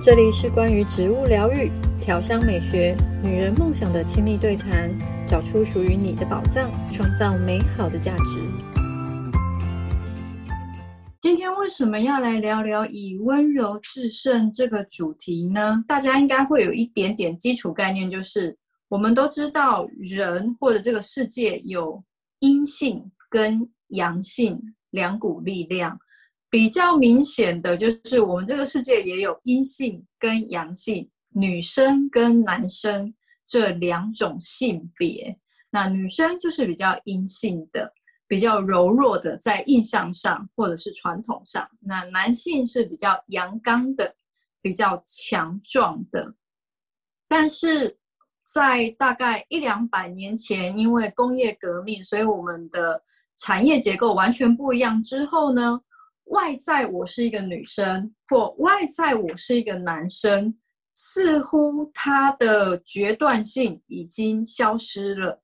這裡是關於植物療癒、調香美學、女人夢想的親密對談，找出屬於你的寶藏，創造美好的價值。今天為什麼要來聊聊以溫柔致勝這個主題呢？大家應該會有一點點基礎概念，就是我們都知道人或者這個世界有陰性跟陽性兩股力量。比較明顯的就是，我們這個世界也有陰性跟陽性，女生跟男生這兩種性別。那女生就是比較陰性的，比較柔弱的，在印象上或者是傳統上，那男性是比較陽剛的，比較強壯的。但是在大概一兩百年前，因為工業革命，所以我們的產業結構完全不一樣之後呢，外在我是一個女生，或外在我是一個男生，似乎他的決斷性已經消失了。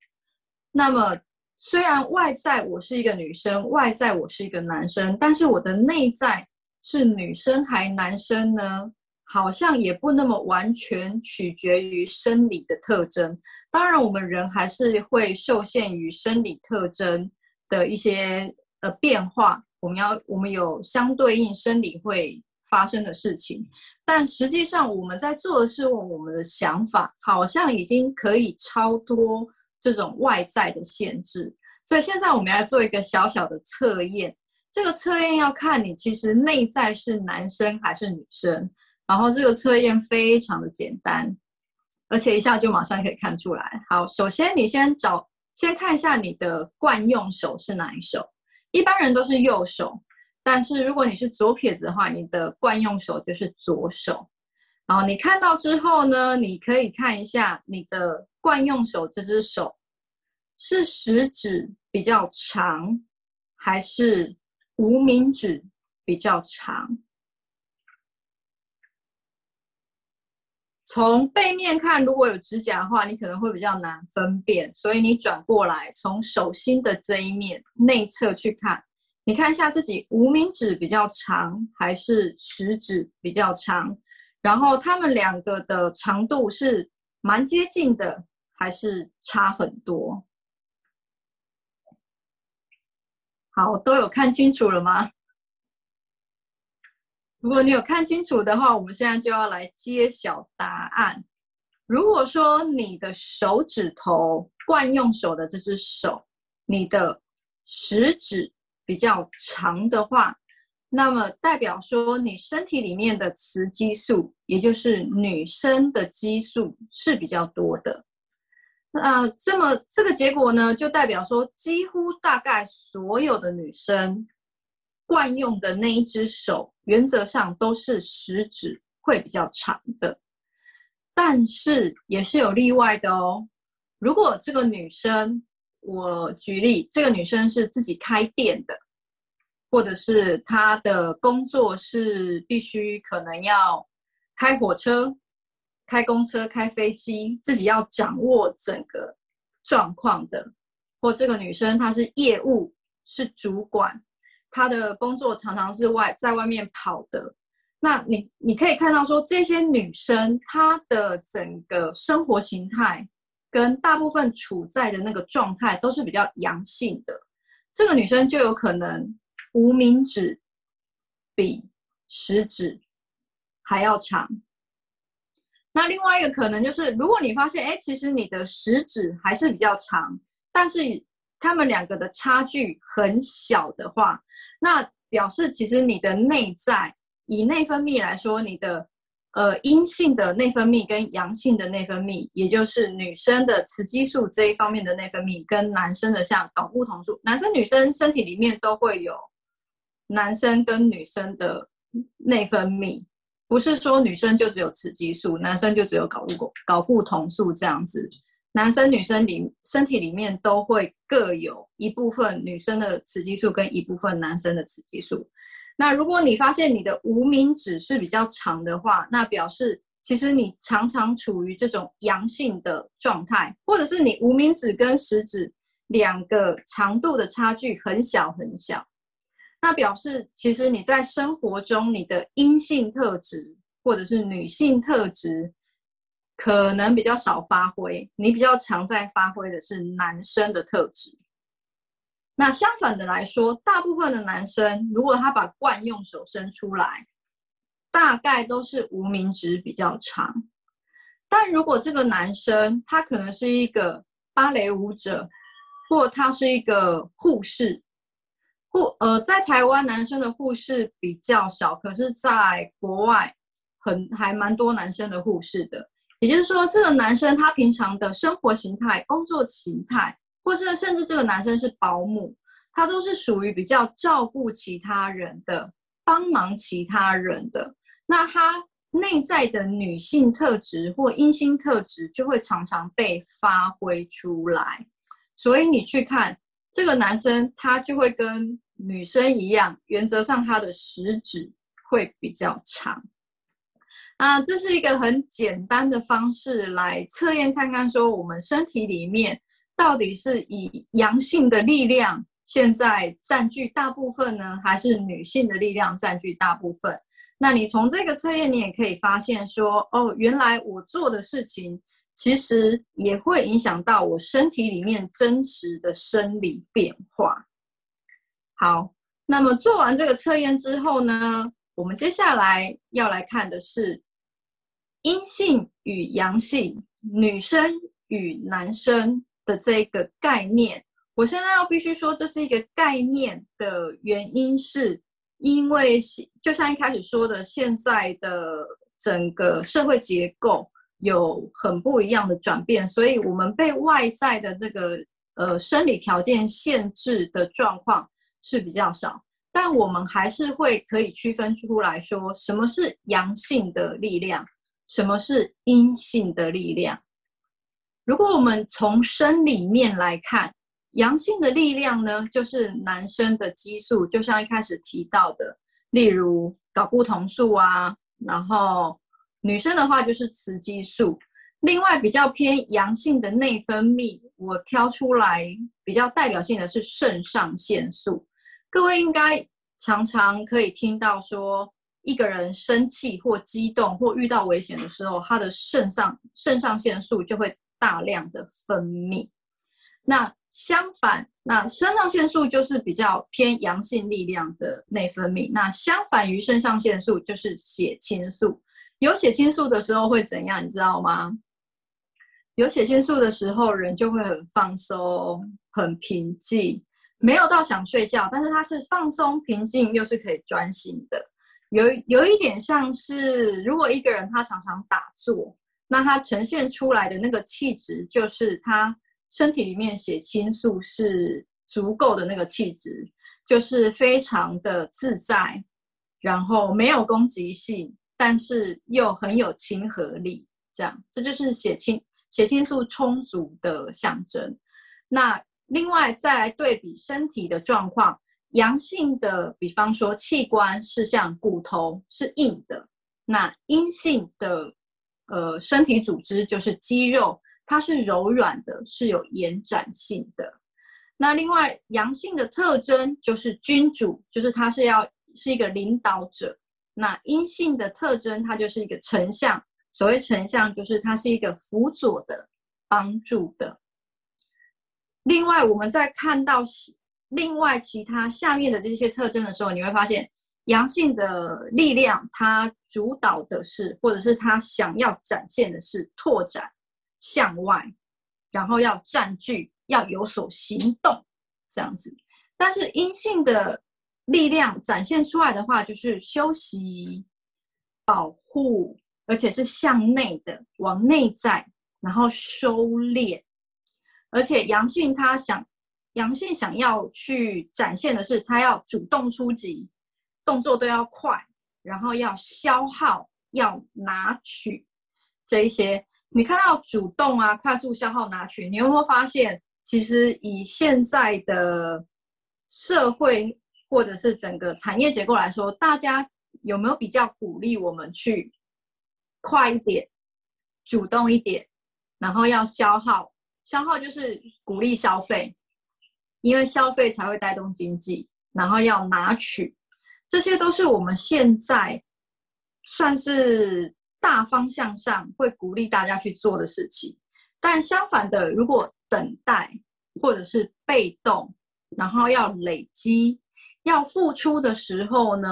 那麼，雖然外在我是一個女生，外在我是一個男生，但是我的內在是女生還男生呢？好像也不那麼完全取決於生理的特徵。當然，我們人還是會受限於生理特徵的一些呃變化。我們要，我們有相對應生理會發生的事情，但實際上我們在做的時候，我們的想法，好像已經可以超脫這種外在的限制。所以現在我們要做一個小小的測驗，這個測驗要看你其實內在是男生還是女生，然後這個測驗非常的簡單，而且一下就馬上可以看出來。好，首先你先找，先看一下你的慣用手是哪一手。一般人都是右手，但是如果你是左撇子的話，你的慣用手就是左手。然後你看到之後呢，你可以看一下你的慣用手這隻手，是食指比較長，還是無名指比較長？從背面看，如果有指甲的話，你可能會比較難分辨，所以你轉過來，從手心的這一面內側去看，你看一下自己無名指比較長還是食指比較長，然後他們兩個的長度是蠻接近的，還是差很多？好，都有看清楚了嗎？如果你有看清楚的話，我們現在就要來揭曉答案。如果說你的手指頭慣用手的這只手，你的食指比較長的話，那麼代表說你身體裡面的雌激素，也就是女生的激素，是比較多的。那、呃、這麼這個結果呢，就代表說幾乎大概所有的女生。慣用的那一只手，原則上都是食指會比較長的，但是也是有例外的哦。如果這個女生，我舉例，這個女生是自己開店的，或者是她的工作是必須可能要開火車、開公車、開飛機，自己要掌握整個狀況的，或者這個女生她是業務是主管，他的工作常常是外，在外面跑的，那你你可以看到說，這些女生她的整個生活形態跟大部分處在的那個狀態都是比較陽性的，這個女生就有可能無名指比食指還要長。那另外一個可能就是，如果你發現誒，其實你的食指還是比較長，但是。他們兩個的差距很小的話，那表示其實你的內在，以內分泌來說，你的呃陰性的內分泌跟陽性的內分泌，也就是女生的雌激素這一方面的內分泌，跟男生的像睾固酮素，男生女生身體裡面都會有，男生跟女生的內分泌，不是說女生就只有雌激素，男生就只有睾固睾固酮素這樣子。男生女生裡身體裡面都會各有一部分女生的雌激素跟一部分男生的雌激素。那如果你發現你的無名指是比較長的話，那表示其實你常常處於這種陽性的狀態，或者是你無名指跟食指兩個長度的差距很小很小，那表示其實你在生活中你的陰性特質或者是女性特質。可能比較少發揮，你比較常在發揮的是男生的特質。那相反的來說，大部分的男生如果他把慣用手伸出來，大概都是無名指比較長。但如果這個男生他可能是一個芭蕾舞者，或他是一個護士，護呃，在台灣男生的護士比較少，可是，在國外很還蠻多男生的護士的。也就是說，這個男生他平常的生活形態、工作形態，或是甚至這個男生是保姆，他都是屬於比較照顧其他人的、幫忙其他人的。那他內在的女性特質或陰性特質就會常常被發揮出來。所以你去看這個男生，他就會跟女生一樣，原則上他的食指會比較長。啊，這是一個很簡單的方式來測驗看看，說我們身體裡面到底是以陽性的力量現在佔據大部分呢，還是女性的力量佔據大部分？那你從這個測驗你也可以發現說，哦，原來我做的事情其實也會影響到我身體裡面真實的生理變化。好，那麼做完這個測驗之後呢，我們接下來要來看的是。陰性與陽性，女生與男生的這一個概念，我現在要必須說這是一個概念的原因是，因為就像一開始說的，現在的整個社會結構有很不一樣的轉變，所以我們被外在的這個呃生理條件限制的狀況是比較少，但我們還是會可以區分出來說，什麼是陽性的力量。什麼是陰性的力量？如果我們從生理面來看，陽性的力量呢，就是男生的激素，就像一開始提到的，例如睾固酮素啊。然後女生的話就是雌激素。另外比較偏陽性的內分泌，我挑出來比較代表性的是腎上腺素。各位應該常常可以聽到說。一個人生氣或激動或遇到危險的時候，他的腎上腎上腺素就會大量的分泌。那相反，那腎上腺素就是比較偏陽性力量的內分泌。那相反於腎上腺素就是血清素。有血清素的時候會怎樣？你知道嗎？有血清素的時候，人就會很放鬆、很平靜，沒有到想睡覺，但是他是放鬆、平靜，又是可以專心的。有有一點像是，如果一個人他常常打坐，那他呈現出來的那個氣質，就是他身體裡面血清素是足夠的那個氣質，就是非常的自在，然後沒有攻擊性，但是又很有親和力，這樣，這就是血清血清素充足的象徵。那另外再來對比身體的狀況。陽性的，比方說器官是像骨頭是硬的，那陰性的，呃，身體組織就是肌肉，它是柔軟的，是有延展性的。那另外陽性的特徵就是君主，就是它是要是一個領導者。那陰性的特徵，它就是一個丞相。所謂丞相，就是它是一個輔佐的、幫助的。另外，我們再看到。另外，其他下面的這些特徵的時候，你會發現陽性的力量，它主導的是，或者是它想要展現的是拓展、向外，然後要占據、要有所行動這樣子。但是陰性的力量展現出來的話，就是休息、保護，而且是向內的，往內在，然後收斂。而且陽性它想。陽性想要去展現的是，他要主動出擊，動作都要快，然後要消耗、要拿取這一些。你看到主動啊、快速消耗、拿取，你有沒有發現，其實以現在的社會或者是整個產業結構來說，大家有沒有比較鼓勵我們去快一點、主動一點，然後要消耗？消耗就是鼓勵消費。因為消費才會帶動經濟，然後要拿取，這些都是我們現在算是大方向上會鼓勵大家去做的事情。但相反的，如果等待或者是被動，然後要累積、要付出的時候呢，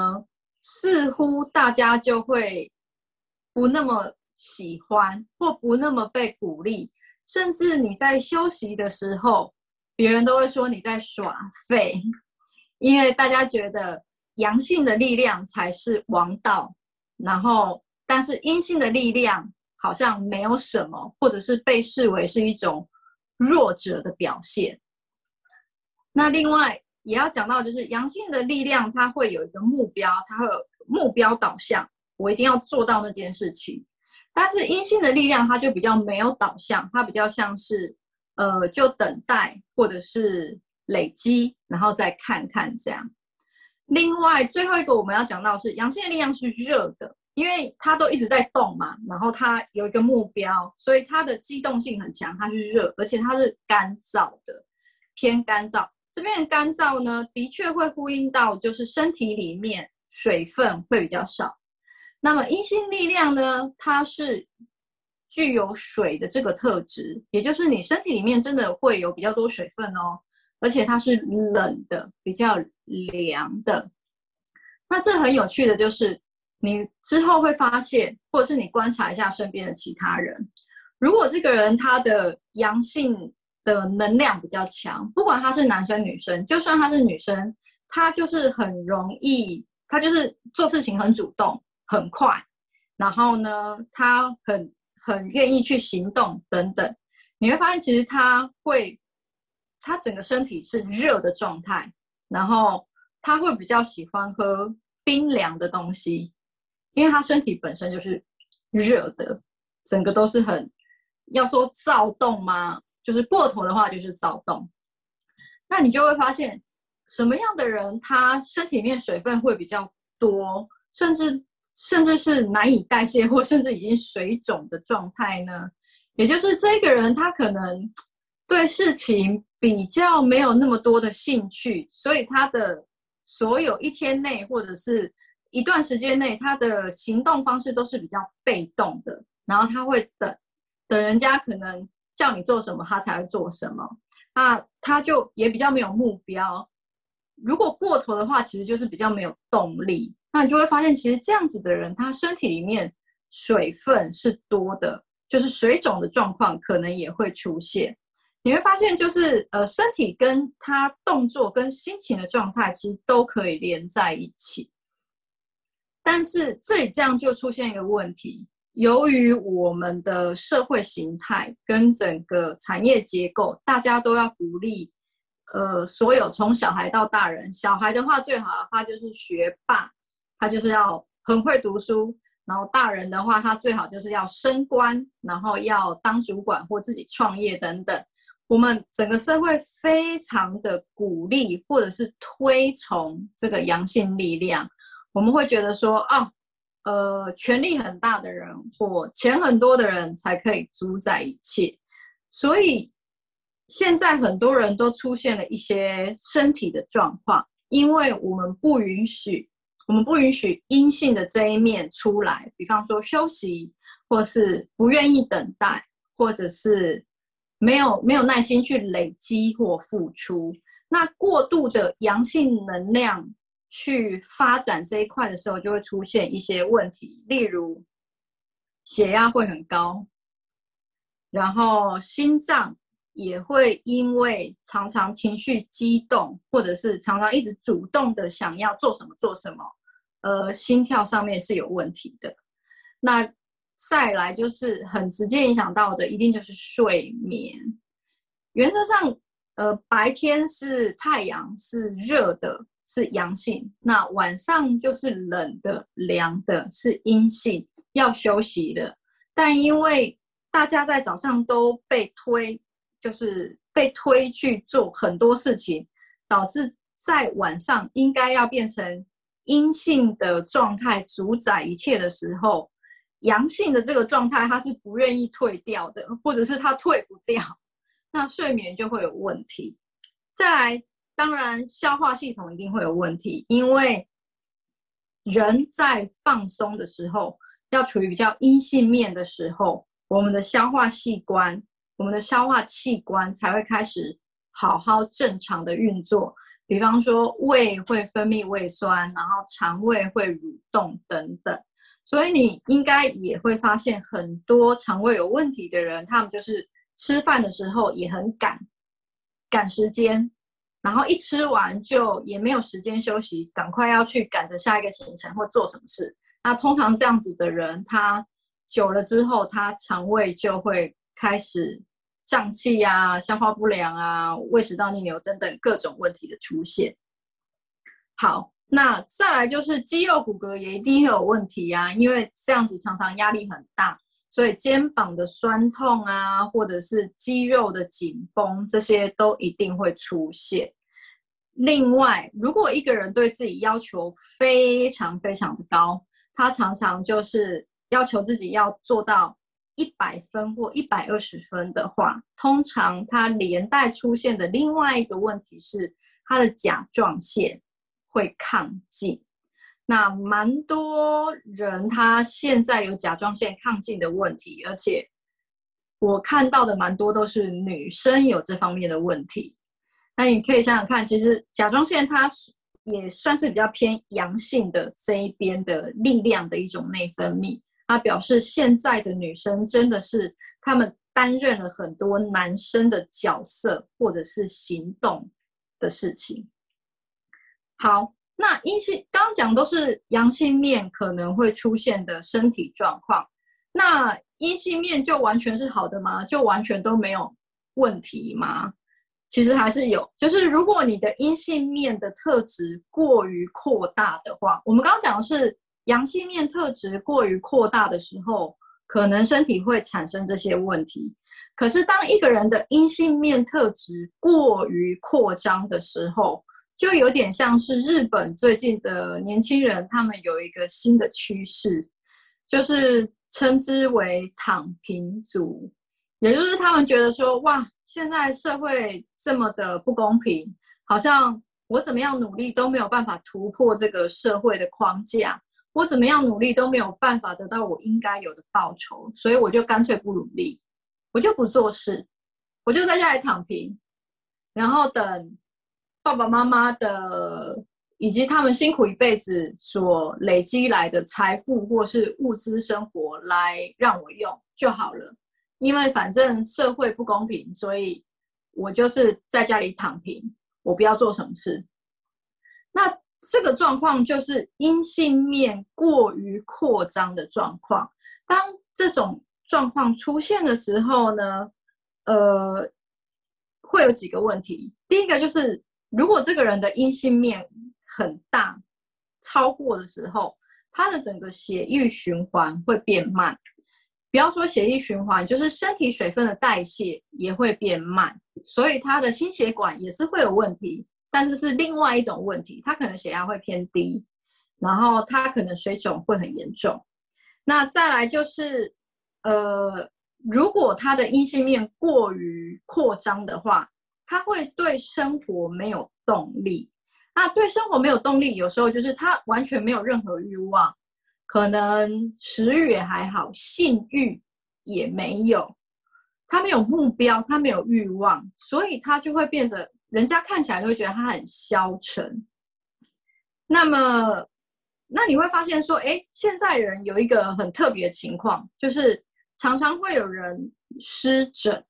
似乎大家就會不那麼喜歡，或不那麼被鼓勵，甚至你在休息的時候。別人都會說你在耍廢，因為大家覺得陽性的力量才是王道，然後但是陰性的力量好像沒有什麼，或者是被視為是一種弱者的表現。那另外也要講到，就是陽性的力量它會有一個目標，它會有目標導向，我一定要做到那件事情。但是陰性的力量它就比較沒有導向，它比較像是。呃，就等待或者是累積，然後再看看這樣。另外，最後一個我們要講到的是陽性的力量是熱的，因為它都一直在動嘛，然後它有一個目標，所以它的機動性很強，它是熱，而且它是乾燥的，偏乾燥。這邊的乾燥呢，的確會呼應到就是身體裡面水分會比較少。那麼陰性力量呢，它是。具有水的這個特質，也就是你身體裡面真的會有比較多水分哦，而且它是冷的，比較涼的。那這很有趣的就是，你之後會發現，或者是你觀察一下身邊的其他人，如果這個人他的陽性的能量比較強，不管他是男生女生，就算他是女生，他就是很容易，他就是做事情很主動、很快，然後呢，他很。很願意去行動等等，你會發現其實他會，他整個身體是熱的狀態，然後他會比較喜歡喝冰涼的東西，因為他身體本身就是熱的，整個都是很，要說躁動嗎？就是過頭的話就是躁動，那你就會發現什麼樣的人他身體裡面水分會比較多，甚至。甚至是難以代謝或甚至已經水腫的狀態呢？也就是這個人他可能對事情比較沒有那麼多的興趣，所以他的所有一天內或者是一段時間內，他的行動方式都是比較被動的。然後他會等等人家可能叫你做什麼，他才會做什麼。那，啊，他就也比較沒有目標。如果過頭的話，其實就是比較沒有動力。那你就會發現，其實這樣子的人，他身體裡面水分是多的，就是水腫的狀況可能也會出現。你會發現，就是呃，身體跟他動作跟心情的狀態，其實都可以連在一起。但是這裡這樣就出現一個問題，由於我們的社會形態跟整個產業結構，大家都要鼓勵，呃，所有從小孩到大人，小孩的話最好的話就是學霸。他就是要很會讀書，然後大人的話，他最好就是要升官，然後要當主管或自己創業等等。我們整個社會非常的鼓勵或者是推崇這個陽性力量，我們會覺得說，啊、哦，呃，權力很大的人或錢很多的人才可以主宰一切，所以現在很多人都出現了一些身體的狀況，因為我們不允許。我們不允許陰性的這一面出來，比方說休息，或是不願意等待，或者是沒有沒有耐心去累積或付出。那過度的陽性能量去發展這一塊的時候，就會出現一些問題，例如血壓會很高，然後心臟。也會因為常常情緒激動，或者是常常一直主動的想要做什麼做什麼，呃，心跳上面是有問題的。那再來就是很直接影響到的，一定就是睡眠。原則上，呃，白天是太陽是熱的，是陽性；那晚上就是冷的、涼的，是陰性，要休息的。但因為大家在早上都被推。就是被推去做很多事情，導致在晚上應該要變成陰性的狀態主宰一切的時候，陽性的這個狀態它是不願意退掉的，或者是它退不掉，那睡眠就會有問題。再來，當然消化系統一定會有問題，因為人在放鬆的時候，要處於比較陰性面的時候，我們的消化器官。我們的消化器官才會開始好好正常的運作，比方說胃會分泌胃酸，然後腸胃會蠕動等等。所以你應該也會發現很多腸胃有問題的人，他們就是吃飯的時候也很趕，趕時間，然後一吃完就也沒有時間休息，趕快要去趕着下一個行程或做什麼事。那通常這樣子的人，他久了之後，他腸胃就會開始。脹氣呀、消化不良啊、胃食道逆流等等各種問題的出現。好，那再來就是肌肉骨骼也一定會有問題啊，因為這樣子常常壓力很大，所以肩膀的酸痛啊，或者是肌肉的緊繃，這些都一定會出現。另外，如果一個人對自己要求非常非常高，他常常就是要求自己要做到。一百分或一百二十分的話，通常它連帶出現的另外一個問題是，它的甲狀腺會亢進。那蠻多人他現在有甲狀腺亢進的問題，而且我看到的蠻多都是女生有這方面的問題。那你可以想想看，其實甲狀腺它是也算是比較偏陽性的這一邊的力量的一種內分泌。他表示，現在的女生真的是他們擔任了很多男生的角色，或者是行動的事情。好，那陰性剛剛講都是陽性面可能會出現的身體狀況，那陰性面就完全是好的嗎？就完全都沒有問題嗎？其實還是有，就是如果你的陰性面的特質過於擴大的話，我們剛剛講的是。陽性面特質過於擴大的時候，可能身體會產生這些問題。可是，當一個人的陰性面特質過於擴張的時候，就有點像是日本最近的年輕人，他們有一個新的趨勢，就是稱之為“躺平族”，也就是他們覺得說：“哇，現在社會這麼的不公平，好像我怎麼樣努力都沒有辦法突破這個社會的框架。”我怎麼樣努力都沒有辦法得到我應該有的報酬，所以我就乾脆不努力，我就不做事，我就在家裡躺平，然後等爸爸媽媽的以及他們辛苦一輩子所累積來的財富或是物質生活來讓我用就好了。因為反正社會不公平，所以我就是在家裡躺平，我不要做什麼事。那。這個狀況就是陰性面過於擴張的狀況。當這種狀況出現的時候呢，呃，會有幾個問題。第一個就是，如果這個人的陰性面很大，超過的時候，他的整個血液循環會變慢。不要說血液循環，就是身體水分的代謝也會變慢，所以他的心血管也是會有問題。但是是另外一種問題，他可能血壓會偏低，然後他可能水腫會很嚴重。那再來就是，呃，如果他的陰性面過於擴張的話，他會對生活沒有動力。那對生活沒有動力，有時候就是他完全沒有任何慾望，可能食欲也還好，性欲也沒有，他沒有目標，他沒有慾望，所以他就會變得。人家看起來就會覺得他很消沉。那麼，那你會發現說，誒、欸，現在人有一個很特別的情況，就是常常會有人濕疹。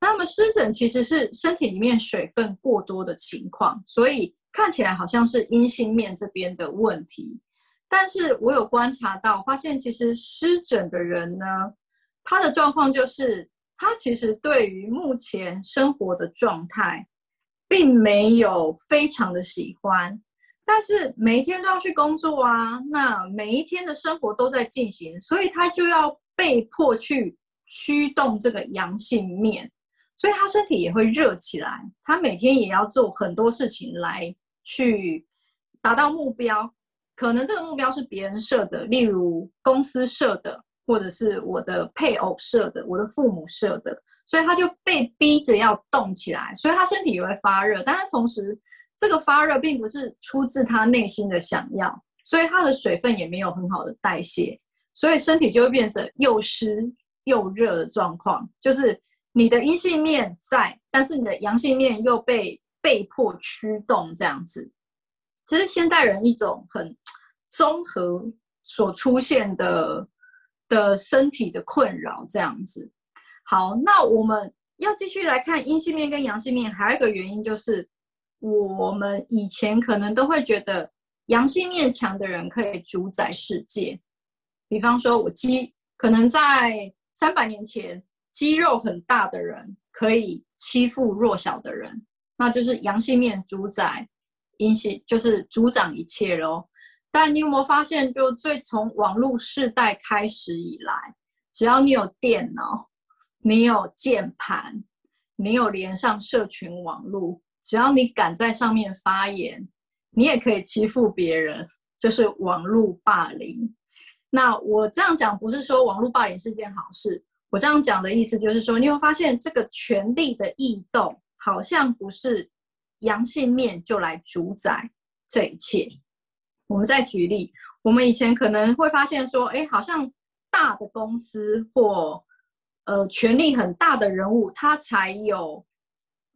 那麼濕疹其實是身體裡面水分過多的情況，所以看起來好像是陰性面這邊的問題。但是我有觀察到，發現其實濕疹的人呢，他的狀況就是他其實對於目前生活的狀態。並沒有非常的喜歡，但是每一天都要去工作啊，那每一天的生活都在進行，所以他就要被迫去驅動這個陽性面，所以他身體也會熱起來，他每天也要做很多事情來去達到目標，可能這個目標是別人設的，例如公司設的，或者是我的配偶設的，我的父母設的。所以他就被逼着要動起來，所以他身體也會發熱，但他同時，這個發熱並不是出自他內心的想要，所以他的水分也沒有很好的代謝，所以身體就會變成又濕又熱的狀況，就是你的陰性面在，但是你的陽性面又被被迫驅動這樣子，其實現代人一種很綜合所出現的的身體的困擾這樣子。好，那我們要繼續來看陰性面跟陽性面，還有一個原因就是，我們以前可能都會覺得陽性面強的人可以主宰世界，比方說我肌，可能在三百年前，肌肉很大的人可以欺負弱小的人，那就是陽性面主宰陰性，就是主掌一切咯，哦，但你有沒有發現，就最從網絡世代開始以來，只要你有電腦。你有鍵盤，你有連上社群網絡，只要你敢在上面發言，你也可以欺負別人，就是網絡霸凌。那我這樣講不是說網絡霸凌是一件好事，我這樣講的意思就是說，你會發現這個權力的異動好像不是陽性面就來主宰這一切。我們再舉例，我們以前可能會發現說，哎、欸，好像大的公司或呃，權力很大的人物，他才有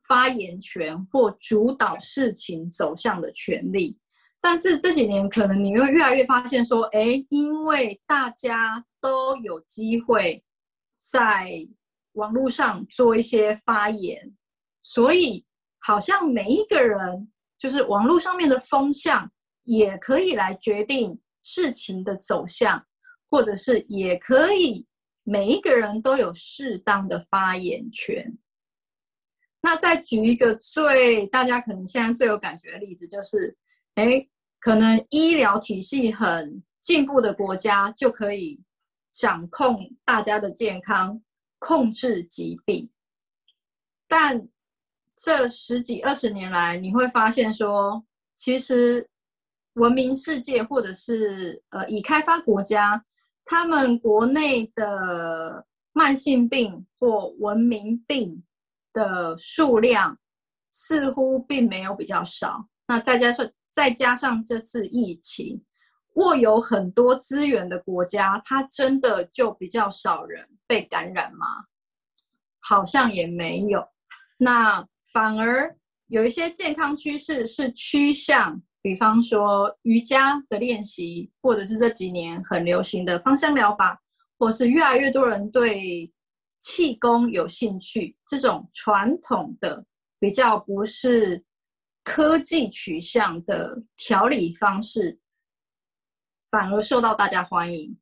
發言權或主導事情走向的權利。但是這幾年，可能你會越來越發現說，誒，因為大家都有機會在網絡上做一些發言，所以好像每一個人，就是網絡上面的風向，也可以來決定事情的走向，或者是也可以。每一個人都有適當的發言權。那再舉一個最大家可能現在最有感覺的例子，就是，誒，可能醫療體系很進步的國家就可以掌控大家的健康，控制疾病。但這十幾二十年來，你會發現說，其實文明世界或者是呃，已開發國家。他們國內的慢性病或文明病的數量似乎並沒有比較少。那再加上再加上這次疫情，握有很多資源的國家，它真的就比較少人被感染嗎？好像也沒有。那反而有一些健康趨勢是趨向。比方說瑜伽的練習，或者是這幾年很流行的芳香療法，或是越來越多人對氣功有興趣，這種傳統的、比較不是科技取向的調理方式，反而受到大家歡迎。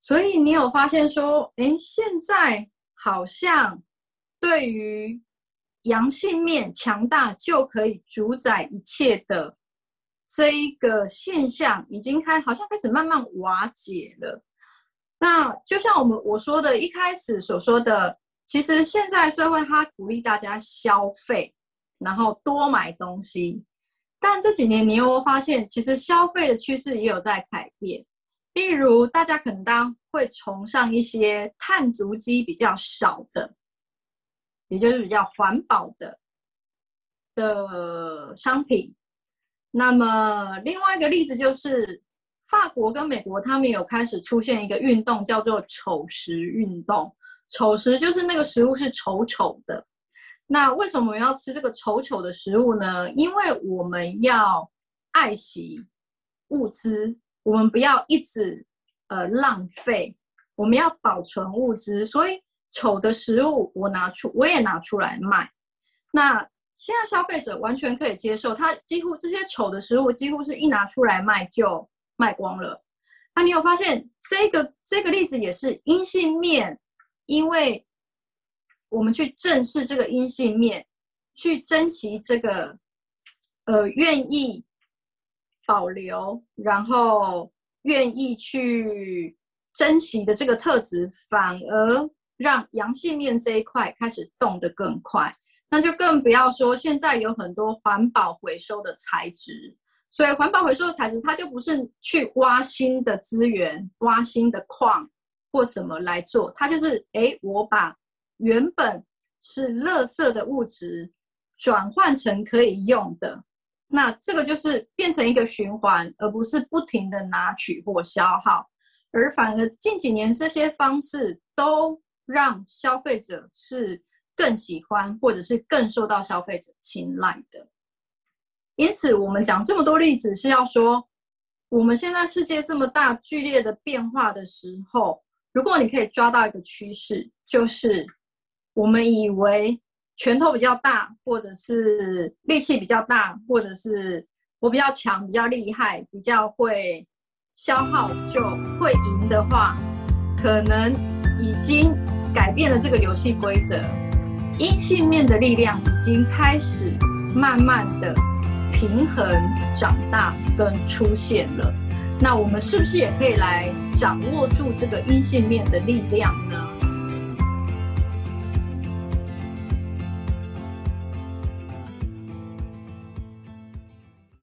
所以你有發現說，誒，現在好像對於陽性面強大就可以主宰一切的。這一個現象已經開，好像開始慢慢瓦解了。那就像我們我說的，一開始所說的，其實現在社會它鼓勵大家消費，然後多買東西。但這幾年你又發現，其實消費的趨勢也有在改變。例如，大家可能都會崇尚一些碳足跡比較少的，也就是比較環保的的商品。那麼另外一個例子就是，法國跟美國，他們有開始出現一個運動，叫做“醜食運動”。醜食就是那個食物是醜醜的。那為什麼我們要吃這個醜醜的食物呢？因為我們要愛惜物資，我們不要一直呃浪費，我們要保存物資。所以醜的食物，我拿出我也拿出來賣。那。現在消費者完全可以接受，他幾乎這些醜的食物幾乎是一拿出來賣就賣光了。那、啊、你有發現這個這個例子也是陰性面，因為我們去正視這個陰性面，去珍惜這個呃願意保留，然後願意去珍惜的這個特質，反而讓陽性面這一塊開始動得更快。那就更不要說現在有很多環保回收的材質，所以環保回收的材質它就不是去挖新的資源、挖新的礦或什麼來做，它就是哎、欸，我把原本是垃圾的物質轉換成可以用的，那這個就是變成一個循環，而不是不停地拿取或消耗，而反而近幾年這些方式都讓消費者是。更喜歡或者是更受到消費者青睞的，因此我們講這麼多例子是要說，我們現在世界這麼大，劇烈的變化的時候，如果你可以抓到一個趨勢，就是我們以為拳頭比較大，或者是力氣比較大，或者是我比較強、比較厲害、比較會消耗就會贏的話，可能已經改變了這個遊戲規則。陰性面的力量已經開始慢慢的平衡、長大跟出現了，那我們是不是也可以來掌握住這個陰性面的力量呢？